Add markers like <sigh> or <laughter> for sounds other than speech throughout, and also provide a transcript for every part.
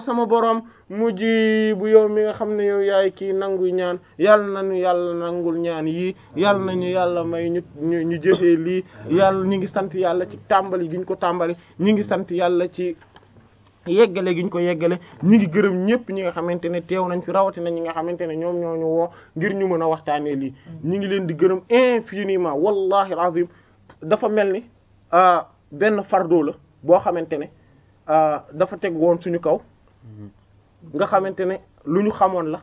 sama borom mujji bu yow mi nga xam ne yow yaay kii nangu ñaan yàlla nañu yàlla nangul ñaan yii yàlla nañu yàlla may ñu ñu jëfee lii yàlla ñi ngi sant yàlla ci tàmbali gi ñu ko tàmbali ñi ngi sant yàlla ci yeggale gi ñu ko yeggale ñi ngi gërëm ñëpp ñi nga xamante ne teew nañ fi rawatina ñi nga xamante ne ñoom ñoo ñu woo ngir ñu mën a waxtaanee lii ñi ngi leen di gërëm infiniment wallahi alazim dafa mel ni ah, benn fardeau la boo xamante ne ah, dafa teg woon suñu kaw nga xamante ne lu ñu xamoon la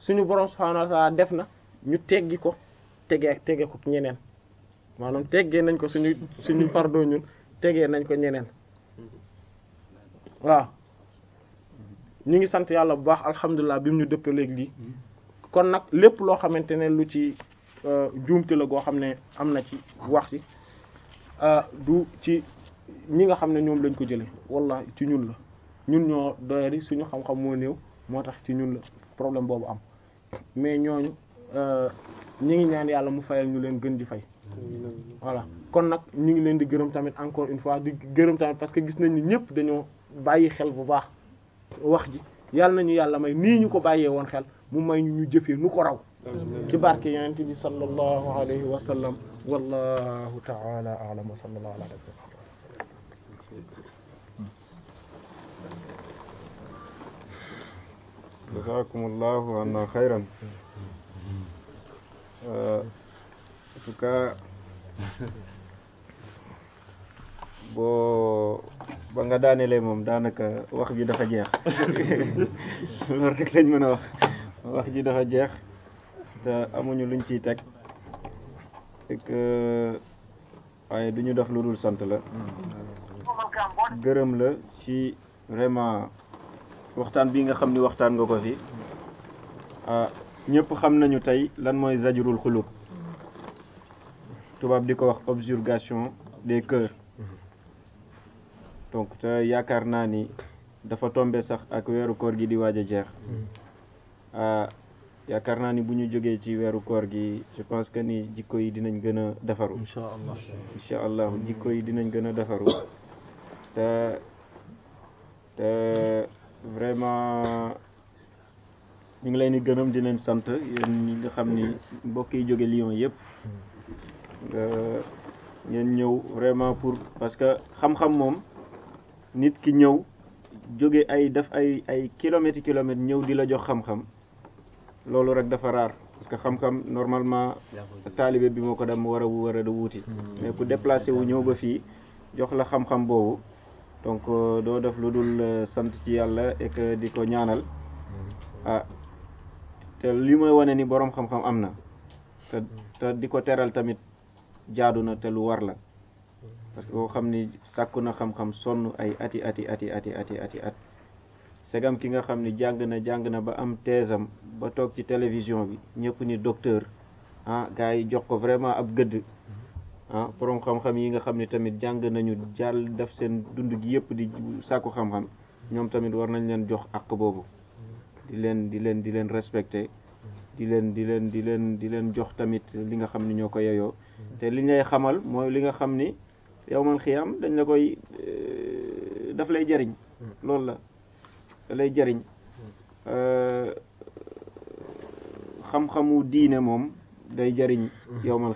suñu borom subhaanahu def na ñu teggi ko tegee tege ko ñeneen maanaam teggee nañ ko suñu suñu pardo ñun tegee nañ ko ñeneen waaw ñu ngi sant yàlla bu baax alhamdulilah bi mu ñu dëppee léegi lii kon nag lépp loo xamante ne lu ci euh, juumte la goo xam ne am na ci wax ci euh, du ci ñi nga xam ne ñoom lañ ko jëlee wallahi ci ñun la ñun ñoo doyadi suñu xam-xam moo néew moo tax ci ñun la problème boobu am mais ñooñu euh, ñi ngi ñaan yàlla mu fayal ñu leen gën di fay voilà kon nag ñu ngi leen di gërëm tamit encore une fois di gërëm tamit parce que gis nañ ni ñëpp dañoo bàyyi xel bu baax wax ji yàlla nañu yàlla may nii ñu ko bàyyee woon xel mu may ñu ñu jëfee nu ko raw ci barke yonent bi sallallahu alayhi wa sallam wallahu ta'ala a'lam wa sallallahu alayhi wa sallam jazakumullahu anna xayran en uh, tout boo ba nga daanelee moom daanaka wax ji dafa jeex <laughs> loolu rek lañ mën a wax wax ji dafa jeex te amuñu luñ ci teg ek waaye du ñu def lu dul sant la mm. gërëm la ci vraiment waxtaan bi nga xam ni waxtaan nga ko fi ah, ñëpp xam nañu tey lan mooy zajrul xulub tubaab di ko wax objurgation des cœurs donc te yaakaar naa ni dafa tombe sax ak weeru koor gi di waaj a jeex ah, yaakaar naa ni bu ñu jógee ci weeru koor gi je pense que ni jikko yi dinañ gën a defaru incha allah incha allah jikko yi dinañ gën a defaru te te vraiment ñu ngi leen di gërëm di leen sant yéen nga xam ni mbokk yi jóge Lyon yëpp ngeen ñëw vraiment pour parce que xam-xam moom nit ki ñëw jóge ay def ay ay kilomètres i ñëw di la jox xam-xam loolu rek dafa raar parce que xam-xam normalement taalibe bi moo ko dem war a war a wuuti hmm. mais ku déplacé wu ñëw ba fii jox la xam-xam boobu donc euh, doo def lu dul euh, sant ci Yàlla ak euh, di ko ñaanal mm-hmm. ah te li mooy wane ni boroom xam-xam am na te mm-hmm. di ko teral tamit jaadu na te lu war la mm-hmm. parce que koo xam ni sàkku na xam-xam sonn ay ati ati ati ati ati ati at segam ki nga xam ni jàng na jàng na ba am teesam ba toog ci télévision bi ñëpp ni docteur ah gars yi jox ko vraiment ab gëdd ah borom xam-xam yi nga xam ne tamit jàng nañu jàll def seen dund gi yëpp di sàkku xam-xam ñoom tamit war nañ leen jox àq boobu di leen di leen di leen respecté di leen di leen di leen di leen jox tamit li nga xam ni ñoo ko yeyoo te li ngay xamal mooy li nga xam ni yow man dañ la koy eh, daf lay jariñ loolu la da lay jariñ eh, xam-xamu diine moom day jariñ yow man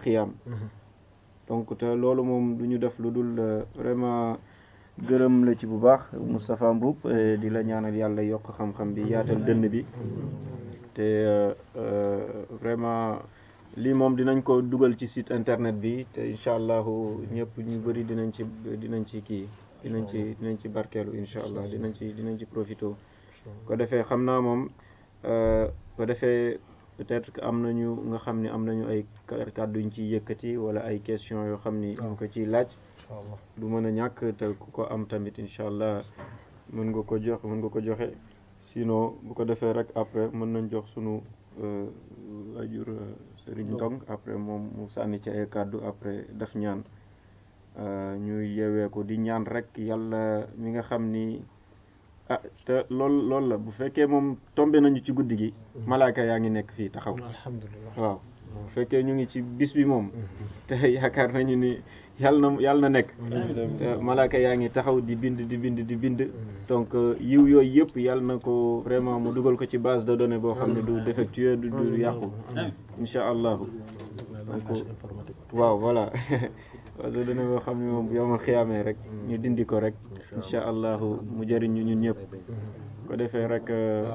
donc te loolu moom du ñu def lu dul euh, vraiment gërëm la ci bu baax Moustapha Mboup euh, di la ñaanal yàlla yokk xam-xam bi yaatal dënn bi te euh, vraiment lii moom dinañ ko dugal ci site internet bi te incha allahu ñëpp ñu bëri dinañ ci dinañ ci kii dinañ ci dinañ ci barkeelu incha allah dinañ ci dinañ ci profito ko defee xam naa moom ko defee peut-être que am nañu nga xam ne am nañu ay kàddu ñu ciy yëkkati wala ay question yoo xam ni ñu ko ciy laaj du mën a ñàkk te ku ko am tamit incha allah mën nga ko jox mën nga ko joxe sinon bu ko defee rek après mën nañ jox sunu euh, ajur euh, Serigne Ndong après moom mu sànni ci ay kàddu après def ñaan euh, ñuy yeewee ko di ñaan rek yàlla mi nga xam ni ah te lool loolu la bu fekkee moom tombé nañu ci guddi gi mm-hmm. malaaka yaa ngi nekk fii taxaw alhamdulilah waaw bu fekkee ñu ngi ci bis bi moom mm-hmm. te yaakaar nañu ni yàlla na yàlla nekk te malaaka yaa ngi taxaw di bind di bind di bind mm-hmm. donc euh, yiw yooyu yëpp yàlla na ko vraiment mu dugal ko ci base de données boo xam ne du défectueux du du yàqu incha allahu donc waaw voilà <laughs> wala dana nga xam ne moom yow ma xiyaamee rek mm. ñu dindi ko rek incha allahu mu jëriñ ñu ñun ñëpp mm-hmm. ko defee rek euh,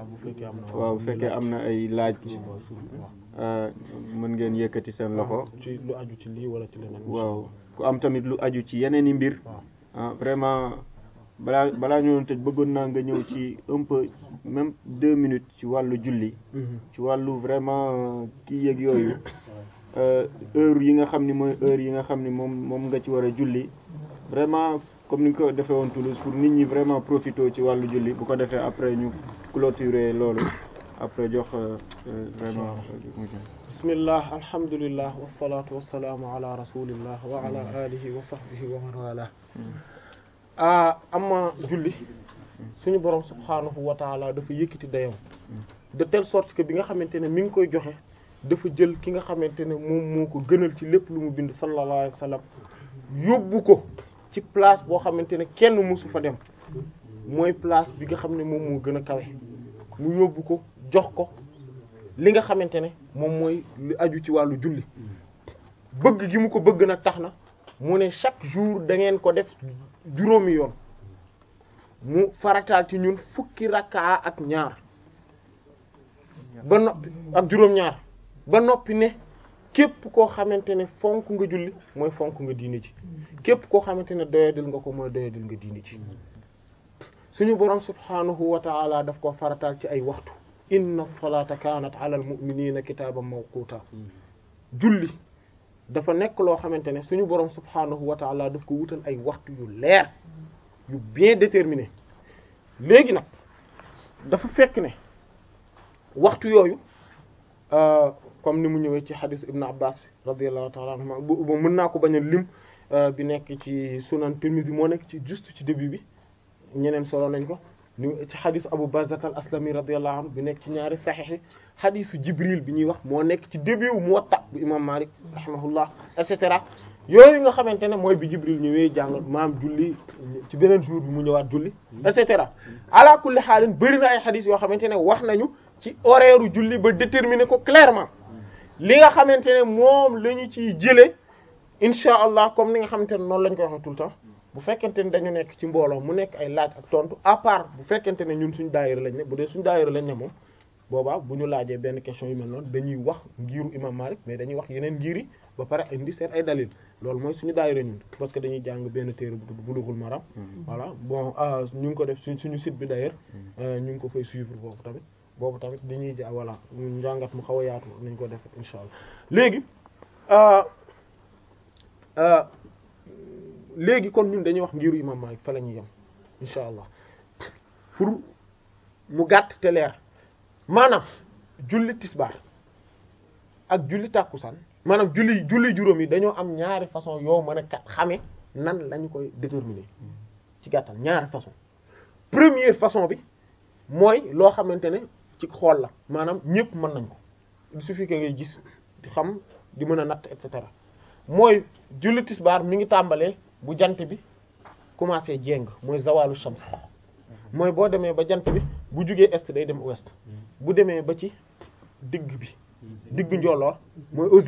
waaw bu fekkee am na ay laaj euh, mën ngeen yëkkati seen loxo ah, ci lu aju ci lii wala ci leneen waaw ku am tamit lu aju ci yeneen i mbir ah. ah vraiment balaa balaa ñoo tëj bëggoon naa nga ñëw ci un peu même deux minutes ci wàllu julli mm-hmm. ci wàllu vraiment euh, kii yëg yooyu <coughs> Euh, heure yi nga xam ni mooy heure yi nga xam ni moom moom nga ci war a julli vraiment comme ni nga ko defee woon Toulouse pour nit ñi vraiment profité ci wàllu julli bu ko defee après ñu clôturer loolu après jox euh, euh, vraiment bismillah alhamdulillah wasalaatu wasalaamu ala rasulillah wa ala alihi wa sahbihi wa man wala hmm. a ah, ama julli suñu borom subhanahu wa taala dafa yëkkati dayam hmm. de telle sorte que bi nga xamante ne mi ngi koy joxe dafa jël ki nga xamante ne moom moo ko gënal ci lépp lu mu bind sallallahu alayhi yóbbu ko ci place boo xamante ne kenn mosu fa dem mooy place bi nga xam ne moom moo gën a kawe mu yóbbu ko jox ko li nga xamante ne moom mooy lu aju ci wàllu julli bëgg gi mu ko bëgg nag tax na mu ne chaque jour dangeen ko def juróomi yoon mu farataal ci ñun fukki rakkaa ak ñaar ba noppi ak juróom-ñaar ba noppi ne képp koo xamante ne fonk nga julli mooy fonk nga diine ci képp koo xamante ne doyadil nga ko mooy doyadil nga diine ci suñu borom subhaanahu wa taala daf ko farataal ci ay waxtu inna salata kanat ala al muminina kitaaban mawquta julli dafa nekk loo xamante ne suñu borom subhaanahu wa taala daf ko wutal ay waxtu yu leer yu bien déterminé léegi nag dafa fekk ne waxtu yooyu euh, comme ni mu ñëwee ci xadis ibn abbas bi radiallahu taala anhuma bu mën naa ko bañ a lim euh, bi nekk ci sunan Tirmidhi moo nekk ci juste ci début bi ñeneen solo nañ ko ci xadis Abu Barzak al Aslami radiyallahu anhu bi nekk ci ñaari saxiix yi xadisu Jibril bi ñuy wax moo nekk ci début wu Muwatta bu imam Malik rahimahullah et cetera yooyu nga xamante ne mooy bi Jibril ñëwee jàngal maam julli ci beneen jour bi mu ñëwaat julli et cetera ala kulli xaalin bëri na ay xadis yoo xamante ne wax nañu ci horaire julli ba déterminer ko clairement li nga xamante ne moom la ñu ciy jëlee incha allah comme ni nga xamante ne noonu lañ ko waxee tout temps bu fekkente ne dañu nekk ci mbooloo mu nekk ay laaj ak tontu à part bu fekkente ne ñun suñ daayira lañ ne suñu daayira lañ ne moom boobaa bu ñu laajee benn question yu mel noonu dañuy wax ngiru imam Malik mais dañuy wax yeneen ngir yi ba pare indi seen ay dalil loolu mooy suñu daayira ñun parce que dañuy jàng benn téere bu tudd Bulughul Maram mm-hmm. voilà bon euh, ñu ngi ko def suñ suñu site bi d'ailleurs mm-hmm. euh, ñu ngi ko fay suivre boobu tamit boobu tamit dañuy ja voilà njàngat mu xaw a yaatu nañ ko def insha allah léegi euh, euh, léegi kon ñun dañuy wax ngiru imam Malik fa la ñuy yem insha allah pour mu gàtt te leer maanaam julli tisbaar ak julli tàkkusaan maanaam julli julli juróom yi dañoo am ñaari façon yoo mën a xame nan lañu koy déterminer ci gàttal ñaari façon première façon bi mooy loo xamante ne ci xool la maanaam ñëpp mën nañ ko il suffit que ngay gis di xam di mën a natt et cetera mooy julli tisbaar mi ngi tàmbalee bu jant bi commencé jéng mooy zawalu shams mooy boo demee ba jant bi bu jugee est day dem ouest bu demee ba ci digg bi digg njooloor mooy au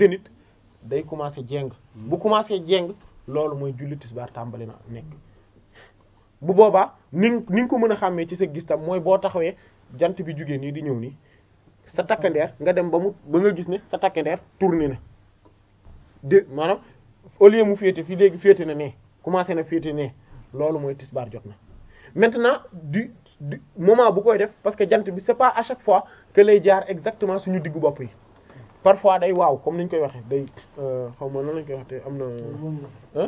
day commencé jéng bu commencé jéng loolu mooy julli tisbaar tàmbali na nekk bu boobaa ni ni ko mën a xàmmee ci sa gis tam mooy boo taxawee jant bi jugéen nii di ñëw nii sa takkandeer nga dem ba mu ba nga gis ne sa takkandeer tourné na de maanaam au lieu mu féete fii léegi féete na nee commencé na féete nee loolu mooy tisbaar jot na maintenant di du moment bu koy def parce que jant bi c'est pas à chaque fois que lay jaar exactement suñu diggu bopp yi par fois day waaw comme ni ñu koy waxee day euh, xaw ma nan lañ koy wax te am na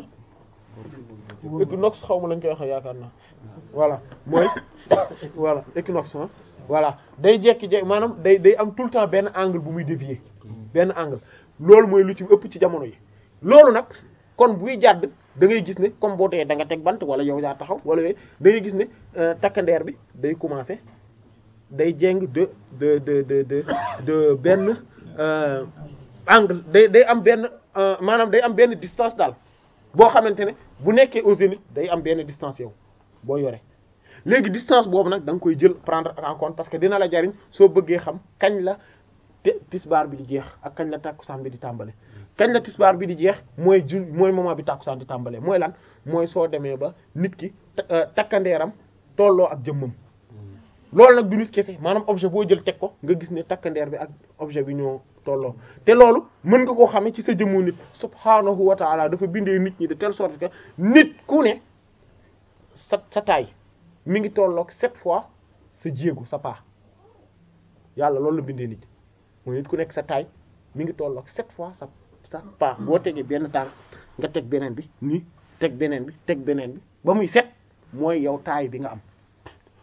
équinoxe xaw ma lañ koy waxee yaakaar naa voilà mooy <laughs> voilà équinoxe ah voilà day jekki-jekki maanaam day day am tout le temps benn angle bu muy dévier benn angle loolu mooy lu ci ëpp ci jamono yi loolu nag kon buy jàdd dangay gis ne comme boo tee da nga teg bant wala yow yaa taxaw wala yooyu da gis ne euh, takkandeer bi day commencer day jeng de de de de benn euh, angle day day am benn euh, maanaam day am benn distance daal boo xamante ne bu nekkee au zénith day am benn distance yow boo yore léegi distance boobu nag da koy jël prendre en parce que dina la jariñ soo bëggee xam kañ la te tisbaar bi di jeex ak kañ la tàkkusaan bi di tàmbale kañ la tisbaar bi di jeex mooy ju mooy moment bi tàkkusaan di tàmbale mooy lan mooy soo demee ba nit ki euh, takkandeeram tolloo ak jëmmam loolu nag du nit kese maanaam objet boo jël teg ko nga gis ne takkandeer bi ak objet bi ñoo tolloo te loolu mën nga koo xamee ci sa jëmmu nit subhaanahu wa taala dafa bindee nit ñi de telle sorte que nit ku ne sa taay mi ngi tollook sept fois sa jéego sa paa yàlla loolu la bindee nit mooy nit ku nekk sa taay mi ngi tolloog sept fois sa sa paa boo tegee benn tànk nga teg beneen bi nii teg beneen bi teg beneen bi ba muy set mooy yow taay bi nga am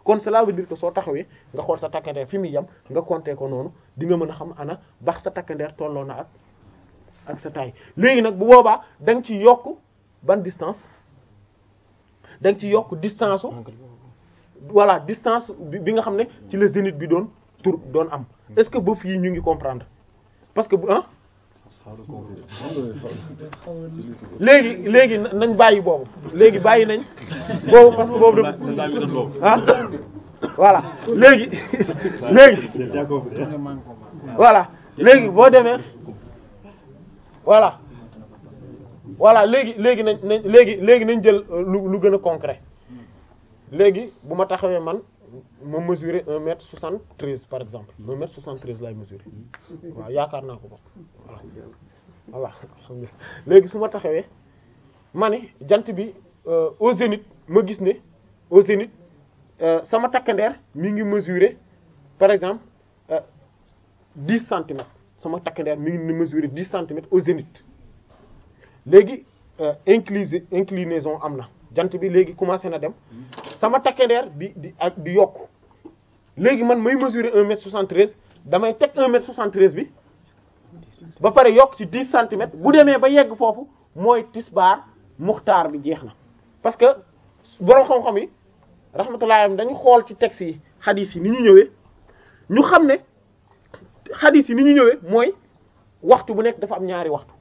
kon cela veut dire que soo taxawee nga xool sa takkandeer fi muy yem nga compter ko noonu di nga mën a xam ana baax sa takkandeer tolloo na ak ak sa taille léegi nag bu boobaa da nga ci yokk ban distance da ci yokk distance voilà distance bi nga xam ne ci la zénith bi doon tour doon am est-ce que ba fii ñu ngi comprendre parce que bu ah léegi léegi nañ bàyyi boobu léegi bàyyi nañ boobu parce boobu da ah voilà léegi léegi voilà léegi boo demee voilà voilà léegi léegi nañ nañ léegi léegi nañ jël lu lu gën a concret léegi bu ma taxawee man ma mesurer un mètre soixante treize par exemple un mètre soixante treize laay mesurer waaw yaakaar naa ko bokk voilà alhamdulilah léegi su ma taxawee ma ne jant bi euh, au zénith ma gis ne au zénith euh, sama takkandeer mi ngi mesurer par exemple euh, dix centimètres sama takkandeer mi ngi mesurer dix centimètres au zénith léegi inclise inclinaison am na jant bi léegi commencé na dem sama takkandeer di di ak di yokk léegi man may mesurer un mètre soixante treize damay teg un mètre soixante treize bi ba pare yokk ci dix centimètres bu demee ba yegg foofu mooy tisbaar muxtaar bi jeex na parce que borom xam-xam yi rahmatullahi dañu xool ci texte yi xadis yi ni ñu ñëwee ñu xam ne xadis yi ni ñu ñëwee mooy waxtu bu nekk dafa am ñaari waxtu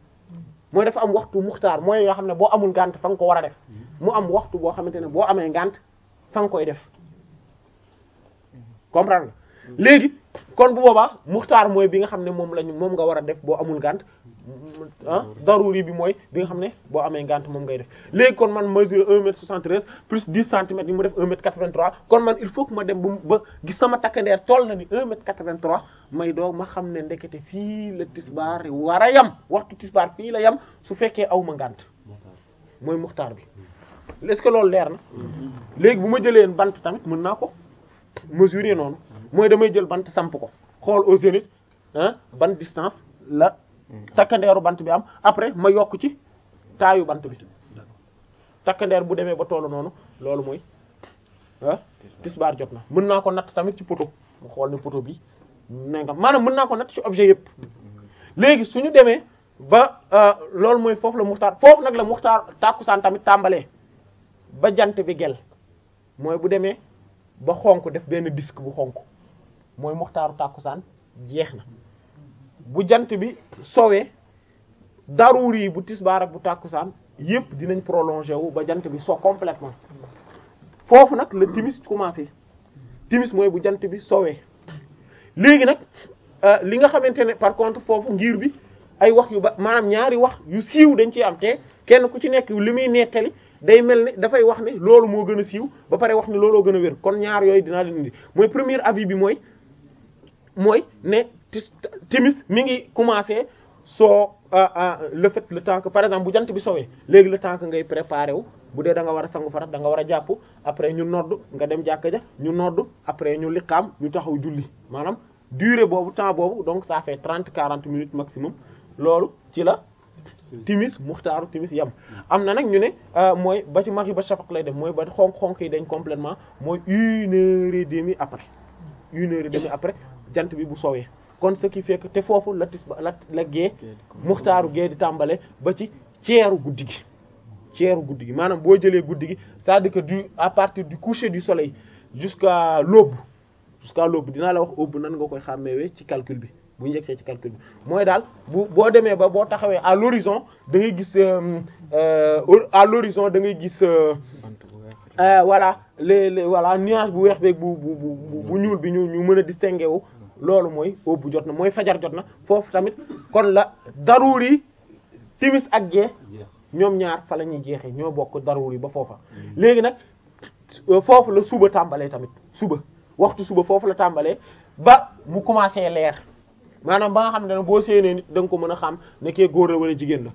mooy dafa am waxtu muxtaar mooy yoo xam ne boo amul gànt fa nga ko war a def mu am waxtu boo xamante ne boo amee ngànt fa koy def comprendre mm-hmm. léegi kon bu boobaa muxtaar mooy bi nga xam ne moom lañu moom nga war a def boo amul ngànt ah daruri bi mooy bi nga xam ne boo amee ngànt moom ngay def léegi kon man mesure un mètre soixante-treize plus dix centimètres yi mu def un mètre quatre-vingt-trois kon man il faut que ma dem ba ba gis sama takkandeer toll na ni un mètre quatre-vingt-trois may doo ma xam ne ndekete fii la tisbaar war a yam waxtu tisbaar fii la yam su fekkee aw ma ngànt mooy muxtaar bi mm-hmm. est-ce que loolu leer na léegi bu ma jëlee bant tamit mën naa ko mesurer noonu mooy damay jël bant samp ko xool au zénith ban distance la takkandeeru bant bi am après ma yokk ci taayu bant bi takkandeer bu demee ba tollu noonu loolu mooy ah tisbaar jot na mën naa ko natt tamit ci poto mu xool ne poto bi nga maanaam mën naa ko natt ci objet yëpp léegi suñu demee ba euh, loolu mooy foofu la muxtaar foofu nag la muxtaar tàkkusaan tamit tàmbalee ba jant bi gel mooy bu demee ba xonk def benn disque bu xonk mooy moxtaaru tàkkusaan jeex na bu jant bi soowee daruur bu tisbaar ak bu tàkkusaan yépp dinañ prolongé wu ba jant bi so complètement foofu nag la timis commencé timis mooy bu jant bi soowee léegi nag euh, li nga xamante ne par contre foofu ngir bi ay wax yu ba maanaam ñaari wax yu siiw dañ ciy am te kenn ku ci nekk li muy nettali day mel ne dafay wax ne loolu moo gën a siiw ba pare wax ne looloo gën a wér kon ñaar yooyu dinaa leen mooy premier avis bi mooy mooy ne timis mi ngi commencer soo ah, ah, le fait le temps par exemple bu jant bi sowee léegi le temps ngay préparer wu bu dee da nga war a sangu farat danga war a jàpp après ñu nodd nga dem jàkka ja ñu nodd après ñu liqaam ñu taxaw julli maanaam durée boobu temps boobu donc ça fait trente quarante minutes maximum loolu ci la timis muxtaaru timis yam am na nag ñu ne euh, mooy ba ci max yi ba shafaq lay dem mooy ba xonq xonk yi dañ complètement mooy une heure et demie après une heure après jant bi bu soowee kon ce qui fait te foofu la tis la la gée muxtaaru gee di tàmbale ba ci ceeru guddi gi ceeru guddi gi maanaam boo jëlee guddi gi c'est-à-dire que du à partir du coucher du soleil jusqu'à l'aube jusqu'à l'aube dinaa la wax aube nan nga koy xàmmeewee ci calcul bi bu ñu ci calcul bi mooy daal bu boo demee ba boo taxawee à l'horizon da ngay gis euh, euh, à l'horizon da ngay gis euh, voilà les les voilà nuage bu weex beeg bu bu bu ñuul bi ñu ñu mën a distinguer loolu mooy boobu jot na mooy fajar jot na foofu tamit kon la daruri timis ak gee ñoom ñaar fa la ñuy jeexee ñoo bokk daruri ba foofa léegi nag foofu la suba tàmbalee tamit suba waxtu suba foofu la tàmbalee ba mu commencé leer maanaam ba nga xam ne boo séenee nit da nga ko mën a xam ne kee góor la wala jigéen la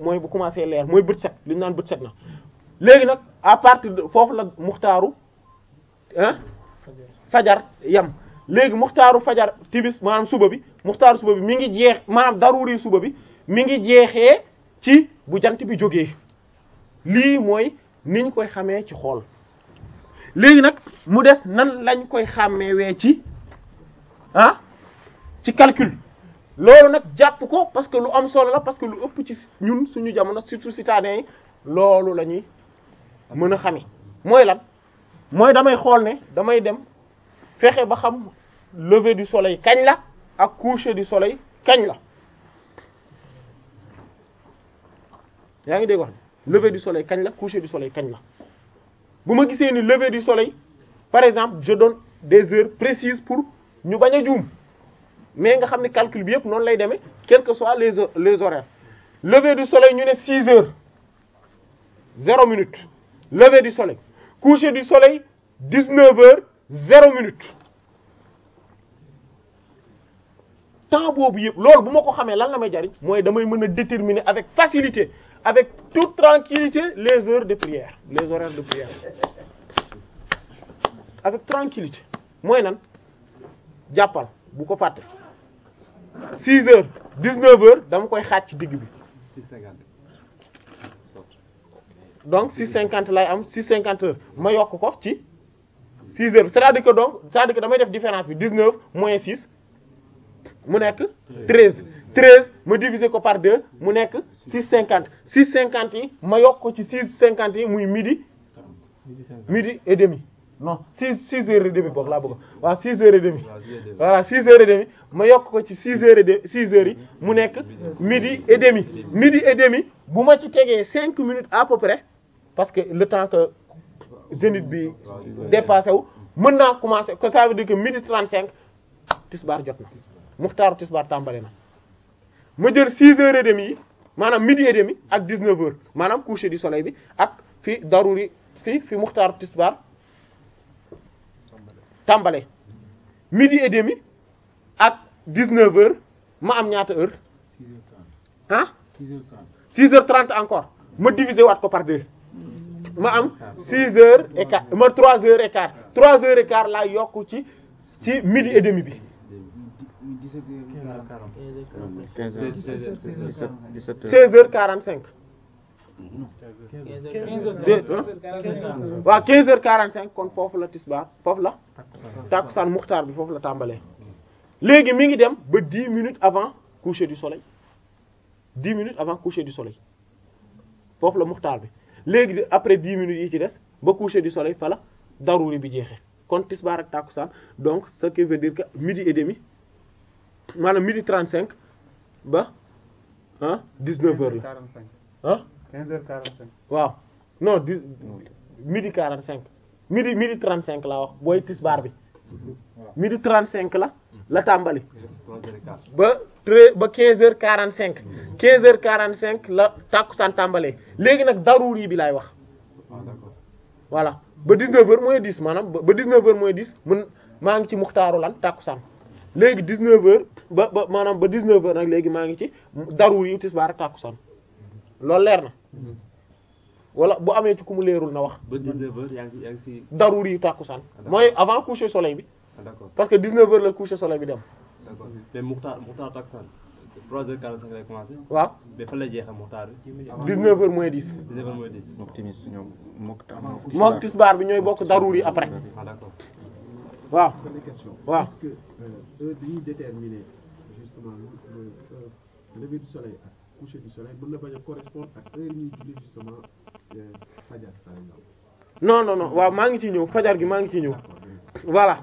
mooy bu commencé leer mooy bët set li ñu naan bët set na léegi nag à partir de foofu la muxtaaru ah fajar yam léegi muxtaaru fajar tibis maanaam suba bi muxtaaru suba bi mi ngi jeex maanaam daruri suba bi mi ngi jeexee ci bu jant bi jógee lii mooy niñ koy xamee ci xool léegi nag mu des nan lañ koy xàmmewee ci ah ci calcul loolu nag jàpp ko parce que lu am solo la parce que lu ëpp ci ñun suñu jamono surtout citadins yi loolu la ñuy mën a xami mooy lan mooy damay xool ne damay dem fexe ba xam lever du soleil kañ la ak coucher du soleil kañ la yaa ngi dégg wax lever du soleil kañ la coucher du soleil kañ bu ma gisee ni lever du soleil par exemple je donne des heures précises pour ñu bañ a juum mais nga xam ne calcul bi yëpp noonu lay demee quel que soit les les horaires lever du soleil ñu ne 6 heures 0 minute lever du soleil coucher du soleil 19 heures 0 minute temps boobu yëpp loolu bu ma ko xamee lan la may jariñ mooy damay mën a déterminer avec facilité avec toute tranquillité les heures de prière les horaires de prière avec tranquillité mooy nan jàppal bu ko fàtte six heures dix-neuf heures dama koy xaaj ci digg bi donc six cinquante lay am six cinquante heures ma yokk ko ci six heures c'est-à-dire donc c'est-à-dire damay def différence bi dix-neuf moins six mu nekk treize treize ma diviser ko par deux mu nekk six cinquante six cinquante yi ma yokk ko ci six cinquante yi muy midi midi et demi non six six heures et demie boog laa bëgg waaw six heures et demie six heures et ma yokk ko ci six heures et de six heures yi mu nekk midi et demi midi et demi bu ma ci tegee cinq minutes à peu près parce que le temps que zénith bi dépassé wu mën naa commencer que ça veut dire que midi trente cinq tisbaar jot na muxtaaru tisbaar tàmbale na ma jël six heures et demie yi maanaam midi et demi ak dix-neuf heures maanaam coucher soleil bi ak fi daruri fi fi muxtaaru tisbaar tàmbale midi et demi ak 19 heures ma am ñaata heure ah 6 heures 30 encore ma diviser wat ko part deux ma am 6 heures et quart ma 3 heures et quart heures et quart laa yokk ci ci midi et demi bi 16 heures cinq waaw 15 heures 45 kon foofu la tisbaar foofu la tàkkusaan muxtaar bi foofu la tàmbalee léegi mi ngi dem ba 10 minutes avant coucher du soleil 10 minutes avant coucher du soleil foofu la muxtaar bi léegi de après 10 minutes yi ci des ba coucher du soleil fa la daruri bi jeexee kon tisbaar ak tàkkusaan donc ce qui veut dire que midi et demi maanaam midi 35 ba ah 19 heures la quinze waaw non di midi quarante cinq midi midi cinq la wax booy tisbaar bi midi trente cinq la la tàmbali ba tre ba quinze heures quarante cinq quinze heures quarante cinq la tàkkusaan tàmbalee léegi nag daruri bi laay wax ah, voilà ba dix-neuf heures mooy dix maanaam ba dix-neuf mooy dix mun maa ngi ci muxtaaru lan tàkkusaan léegi dix-neuf heures ba ba maanaam ba dix-neuf heures nag léegi maa ngi ci daruri tisbaar ak tàkkusaan lool leer na hmm. wala bu amee ci ku mu leerul na wax. ba 19h yaa ngi daruri yu tàkkusaan ah, mooy avant coucher soleil bi. Ah, parce que 19h la coucher soleil bi dem. d'accord mais muxtaar muxtaar tàkkusaan 3h45 lay commencé. waaw mais fan lay jeexee muxtaar bi. moins 10. moins 10. bi ñooy bokk daruri après. Ah, d'accord waaw. waaw est-ce que dañuy euh, déterminer justement euh, le lever du soleil. coucher du soleil mën na bañ a correspondre euh, waaw maa ngi ci ñëw fajar gi maa ngi ci ñëw voilà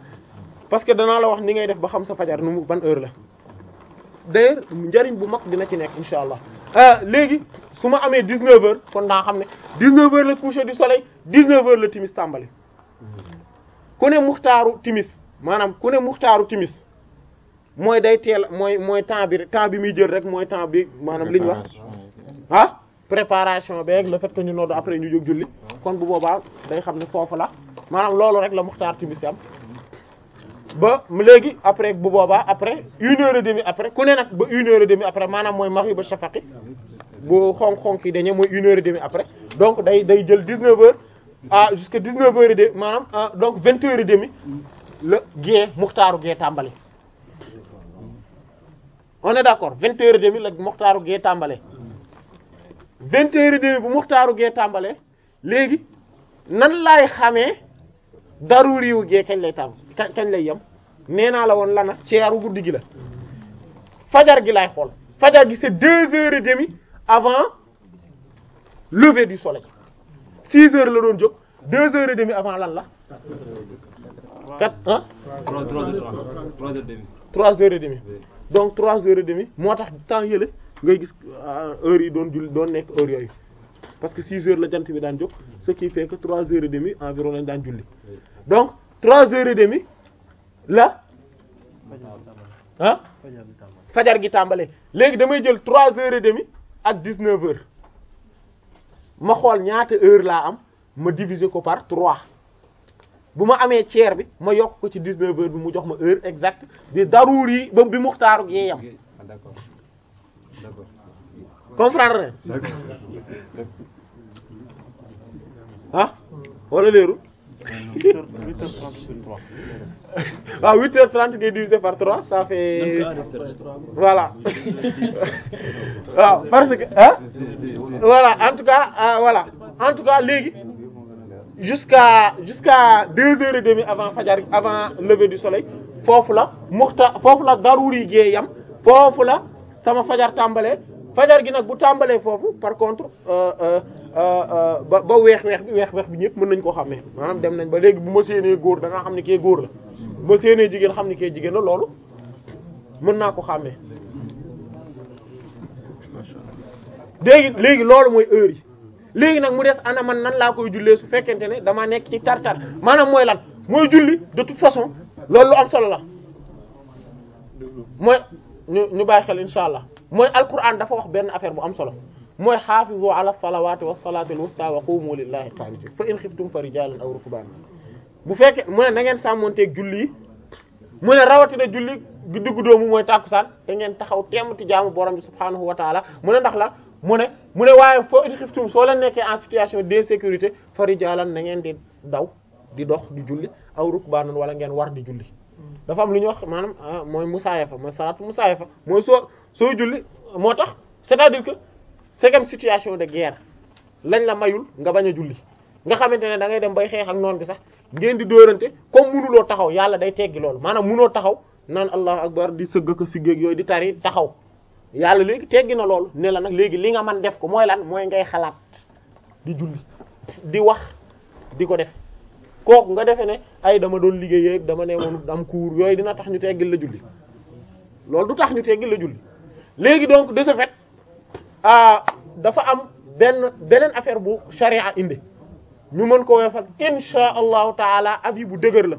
parce que danaa la wax ni ngay def ba xam sa fajar nu mu ban heure la d'ailleurs njariñ bu mag dina ci nekk insha allah euh, léegi su ma amee 19 kon daa xam ne 19 heures la coucher du soleil 19 la timis tàmbali mm-hmm. ku ne muxtaaru timis maanaam ku ne muxtaaru timis mooy day teel mooy mooy temps bi temps bi muy jël rek mooy temps bi maanaam li ñu wax ah préparation beeg la fait ñu noddu après ñu jóg julli kon bu boobaa day xam ne foofu la maanaam loolu rek la muxtaar timis am ba léegi après bu boobaa après une heure et après ku ne nag ba une heure et après maanaam mooy maghrib ba shafaqi bu xonk-xonk yi dañee mooy une heure et après donc day day jël dix-neuf heures ah jusqu'à dix-neuf heures et demie maanaam euh, donc vingt heures et la gée muxtaaru gée tàmbali on est accord vingt heures et demie la moxtaaru gee tàmbale vingt heures et demie bu moxtaaru gee tàmbale léegi nan laay xamee daruriwu gee kañ lay tàmb kañ lay yem nee naa la woon lana ceeru guddi gi la fajar gi laay xool fajar gi c'est deux heures et avant lever du soleil six heures la doon jóg deux heures et avant lan la quatre ah trois heures et demie trois heures et donc trois heures et demie moo tax temps yële ngay gis euh, heures yi doon julli doon nekk heures yooyu parce que six heures la jant bi daan jóg ce qui fait que trois heures et demie environ lañ daan julli donc trois heures et demie la fajar gi tàmbale léegi damay jël trois heures et demi ak dix-neuf heures ma xool ñaata heure laa am ma diviser ko par trois bu ma amee tiers bi ma yokk ko ci 19 bi mu jox ma heure exacte di daruur yi ba bi muxtaaru yee yam ah, d'accord d'accord comprendre ne ah wala léeru waaw 8 heures 30 ngay diviser par 3 ça fait voilà waaw <laughs> ah, parce que ah voilà en tout cas voilà en tout cas léegi jusqu'à jusqu'à deux heures et demie avant fajar avant lever du soleil foofu la muxta foofu la daruri gee yam foofu la sama fajar tàmbalee fajar gi nag bu tàmbalee foofu par contre euh, euh, euh, ba ba weex weex bi weex weex bi ñëpp mën nañ koo xàmmee maanaam dem nañ ba léegi bu ma seenee góor da xam ne kee góor la bu ma séenee jigéen xam ne kee jigéen la loolu mën naa ko xàmmee léegi léegi loolu mooy heure yi léegi nag mu des ana man nan laa koy jullee su fekkente ne damaa nekk ci tar-tar maanaam mooy lan mooy julli de toute façon loolu lu am solo la mooy ñu ñu bàyyi xel insha allah mooy alquran dafa wax benn affaire bu am solo mooy xaafizu ala salawaati wa salaatil wusta wa qumu lillahi qanitin fa in xiftum fa rijalan aw rukbaan bu fekkee mu ne na ngeen sàmmonteeg julli yi mu ne rawatina julli gi diggu doomu mooy tàkkusaan da ngeen taxaw teemti jaamu borom mu ne ndax la mu ne mu ne waaye foo it xiftum soo la nekkee en situation d'insécurité farijaalan na ngeen di daw di dox di julli aw rukbaanan wala ngeen war di julli mm. dafa am lu ñuy wax maanaam ah, mooy musaayafa mooy salaatu musaayafa mooy soo soo julli moo tax c'est-à-dire que c'est comme situation de guerre lañ la mayul nga bañ a julli nga xamante ne da ngay dem bay xeex ak noon bi sax ngeen di dóorante comme mënuloo taxaw yàlla day teggi loolu maanaam munoo taxaw naan allahu akbar di sëgg ko siggéeg yooyu di tari taxaw yàlla léegi gi na loolu ne la nag léegi li nga man def ko mooy lan mooy ngay xalaat di julli di wax di ko def kooku nga defe ne ay dama doon liggéey ak dama ne woon am cours yooyu dina tax ñu teggil la julli loolu du tax ñu teggil la julli léegi donc de ce ah dafa am benn beneen affaire bu charia indi ñu mën ko weefal insha allahu taala avis bu dëgër la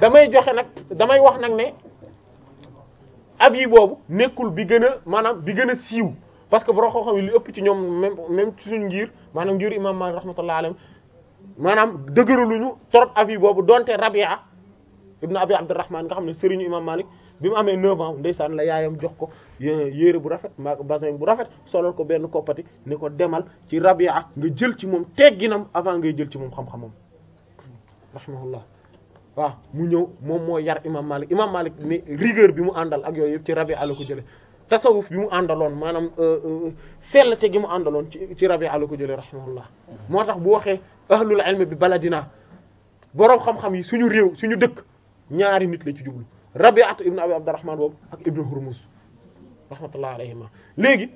damay joxe nag damay wax nag ne ab yi boobu nekkul bi gën a maanaam bi gën a siiw parce que borom xam-xam yi li ëpp ci ñoom même même ci suñu ngir maanaam ngir imam Maalik rahmatullah alayhi maanaam dëgëraluñu trop ab yi boobu donte Rabia ibn Abi Abdurrahman nga xam ne sëriñu imam Maalik bi mu amee 9 ans saan la yaayam jox ko yére bu rafet maa basin bu rafet solal ko benn koppati ni ko demal ci Rabia nga jël ci moom nam avant ngay jël ci moom xam-xamam rahimahullah waaw mu ñëw moom moo yar imam Malik imam Malik ne rigueur bi mu àndal ak yooyu ci Rabi'a la ko jële tasawuf bi mu àndaloon maanaam euh, euh, sellte gi mu àndaloon ci ci Rabi'a la ko jële rahimahullah moo tax bu waxee ahlul ilm bi baladina boroom xam-xam yi suñu réew suñu dëkk ñaari nit la ci jublu Rabi'atu ibn Abi Abdurrahman boobu ak Ibn Hurmuz rahmatullah alayhima léegi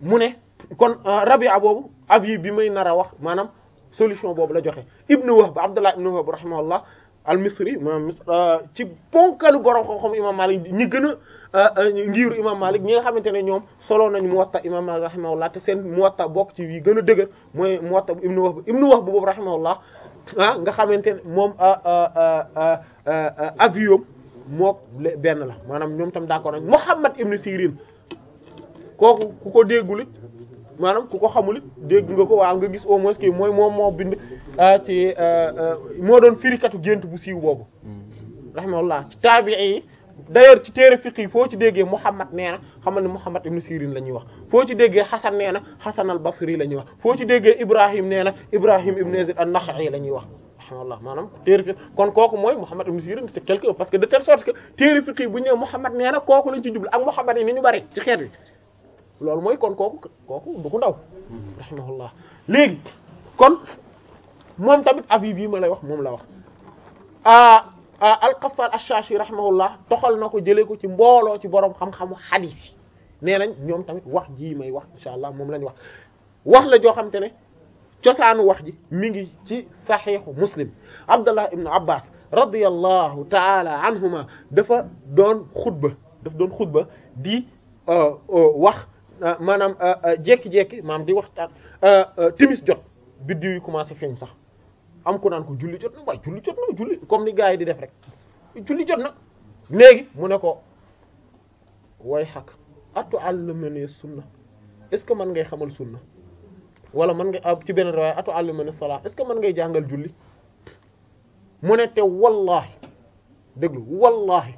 mu ne kon euh, Rabi'a boobu avis bi may nar a wax maanaam solution boobu la joxe Ibn Wahb Abdullah ibn Wahb rahimahullah al misri euh, ci ponkalu borom xam-xam imam Malik ñi gën a euh, euh, ngiiru imam Malik ñi nga xamante ne ñoom solo nañ Muwatta imam Malik rahimahullah te seen Muwatta bokk ci yi gën a dëgër mooy Muwatta bu Ibnu Wahb Ibnu Wahb boobu rahimahullah nga xamante ne moom aviom mook benn la maanaam ñoom tam d'accord nañ Muhammad Ibnu Sirin kooku ku ko déggul it maanaam ku ko xamul it dégg nga ko waaw nga gis au moins mooy moom moo bind Ah, ci ah, ah, moo doon firikatu gént bu siiw boobu mm-hmm. rahimahullah ci taabi'i yi d'ailleurs ci téere fiqh yi foo ci déggee Muhammad nee na xamal ne Muhammad ibn Sirin la ñuy wax foo ci déggee Hasan nee na Hasan al-Basri la ñuy wax foo ci déggee Ibrahim nee na Ibrahim ibn Yazid an-Nakha'i la ñuy wax rahimahullah maanaam téere fiqh kon kooku mooy Muhammad ibn Sirin c'est quelque parce que de telle sorte que téere fiqh yi bu ñu Muhammad nee na kooku lañ ci jublu ak Muhammad yi ni ñu bari ci xeet wi loolu mooy kon kooku kooku du ko ndaw mm-hmm. rahimahullah moom tamit abi bii ma lay wax moom la wax al-Qaffal ash-Shashi rahimahullah toxal na ko jëlee ko ci mbooloo ci borom xam-xamu hadith yi nee nañ ñoom tamit wax jii may wax insha allah moom lañ wax wax la joo xam te ne cosaanu wax ji mi ngi ci saxiixu muslim Abdallah ibn Abbas radiyallahu taala anhuma dafa doon xutba daf doon xutba di euh, euh, wax euh, maanaam jékki-jékki maam di waxtaan timis jot biddiw yi commencé feeñ sax am ku naan ko julli jot na waaye julli jot na julli comme ni gars di def rek julli jot na léegi mu ne ko way xaq attu allamani sunna est ce que mën ngay xamal sunna wala mën nga ah, ci benn riwaaya attu allamani salaa est ce que mën ngay jàngal julli mu ne te wallahi déglu wallahi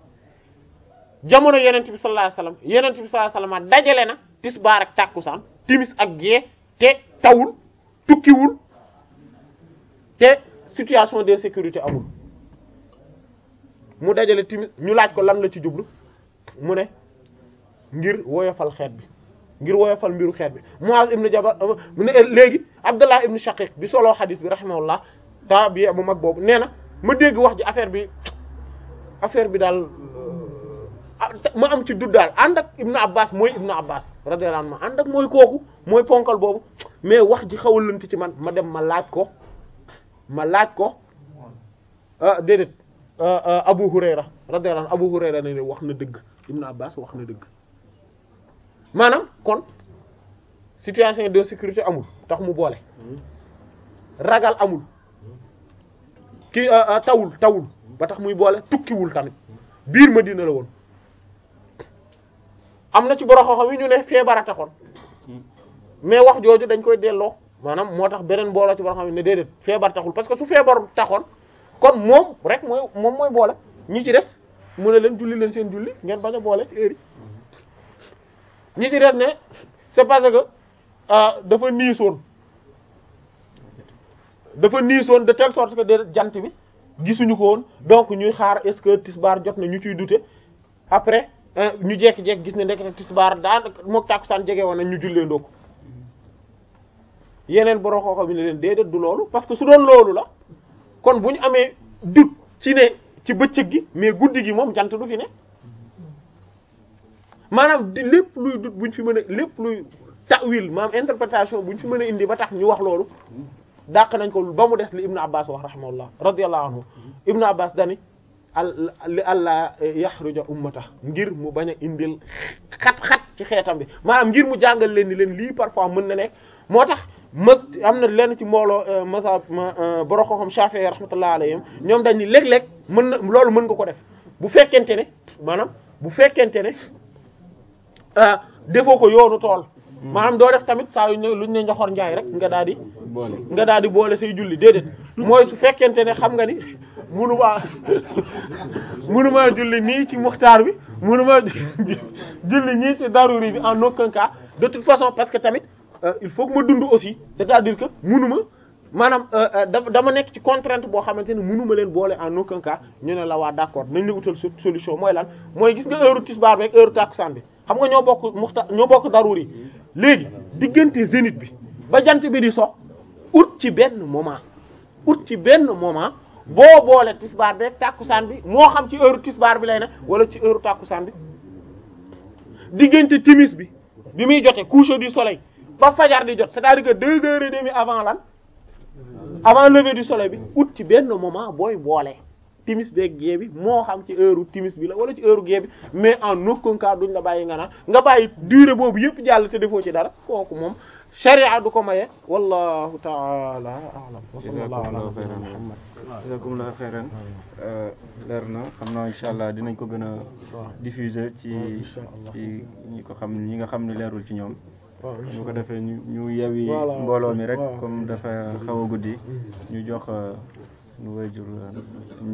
jamono yenent bi sallallahu alayhi wasallam yenent bi sallallahu alayhi wasallam dajale na tisbaar ak tàkkusaan timis ak gee te tawul tukkiwul te situation de sécurité amul mu dajale timis ñu laaj ko lan la ci jublu mu ne ngir woyofal xeet bi ngir woyofal mbiru xeet bi Muaz ibn Jabal mu ne léegi Abdallah ibn Shaqiq bi soloo xadis bi rahimahullah taabi bu mag boobu nee na ma dégg wax ji affaire bi affaire bi daal ah, ma am ci dud daal ànd ak Ibn Abbas mooy Ibn Abbas radiyallahu anhu ànd ak mooy kooku mooy ponkal boobu mais wax ji xaw a ci man ma dem ma laaj ko ma laaj ko ah déedéet ah, ah, Abu Hurayra radiyallahu anhu Abu Hurayra ne wax na dëgg Ibn Abbas wax na dëgg maanaam kon situation de sécurité amul tax mu boole ragal amul ki ah, tawul tawul ba tax muy boole tukkiwul tamit biir ma dina la woon am na ci boroxoxo wi ñu ne feebara taxoon hmm. mais wax jooju dañ koy delloo maanaam moo tax beneen a ci boo xam ne déedéet feebar taxul parce que su feebar taxoon kon moom rek mooy moom mooy boole ñi ci des mu ne leen julli leen seen julli ngeen bañ a boole ci heure yi ci des ne c'est parce que ah, dafa niisoon dafa niisoon de telle sorte que de jant bi gisuñu ko woon donc ñuy xaar est-ce que tisbaar jot na ñu ciy douter après euh, ñu jekki-jekki gis ne ndekete tisbaar daan mook tàkkusaan jege woon nañ ñu jullee ndoo yeneen borom xooxam bi ne leen déedéet du loolu parce que su doon loolu la kon bu ñu amee dut ci ne ci bëccëg gi mais guddi gi moom jant du fi ne maanaam lépp luy dut buñ fi mën a lépp luy ta'wil maanaam interprétation buñ fi mën a indi ba tax ñu wax loolu dàq nañ ko ba mu des li Ibn Abbas wax rahimahullah radiyallahu anhu Ibn Abbas dani al li allah yaxruja ummata ngir mu bañ a indil xat-xat ci xeetam bi maanaam ngir mu jàngal leen ni leen lii parfois mën na nekk moo tax mas am na lenn ci mbooloo euh, masa euh, borom xam-xam Shafi'i rahmatullah alayhim ñoom dañ ni léeg-léeg mën na loolu mën nga ko def bu fekkente ne maanaam bu fekkente ne ah, defoo ko yoonu tool hmm. maanaam doo def tamit saa yu ñu luñ ne njoxor njaay rek nga daal di nga daal di boole say julli déedéet hmm. mooy su fekkente ne xam nga ni munumaa <laughs> munumaa julli nii ci muxtaar bi munumaa <laughs> julli nii ci daruri bi en aucun cas de toute façon parce que tamit Euh, il faut que ma dund aussi c'est-à-dire que munuma maanaam euh, euh, dama nekk ci contrainte boo xamante ne munuma leen boole en aucun cas ñu ne la waa d'accord nañ la utal solution mooy lan mooy gis nga heure tisbaar bi ak heure tàkkusaan bi xam nga ñoo bokk muxta ñoo bokk daruri léegi diggante zénith bi ba jant bi di sox ut ci benn moment ut ci benn moment boo boole tisbaar bi ak tàkkusaan bi moo xam ci heure tisbaar bi lay ne wala ci heure tàkkusaan bi diggante timis bi bi muy jote coucher du soleil ba fajar di jot c'est-à-dire que deux heures et demie avant lan avant lever du soleil bi ut ci benn moment booy boole timis beeg gée bi moo xam ci heure timis bi la wala ci heure gée bi mais en aucun cas duñ la bàyyi nga naan nga bàyyi durée boobu yëpp jàll te defoo ci dara kooku moom sharia du ko maye wallahu ta'ala a'lam wa sallallahu ala sayyidina muhammad jazakumullahu khairan euh, leer na xam na insha allah dinañ ko gën a diffuser ci ci ñi ko xam ñi nga xam ne leerul ci ñoom ñu ko defee ñu ñu yewwi mbooloo mi rek comme dafa xaw a guddi mm-hmm. ñu jox suñu euh, wayjur euh,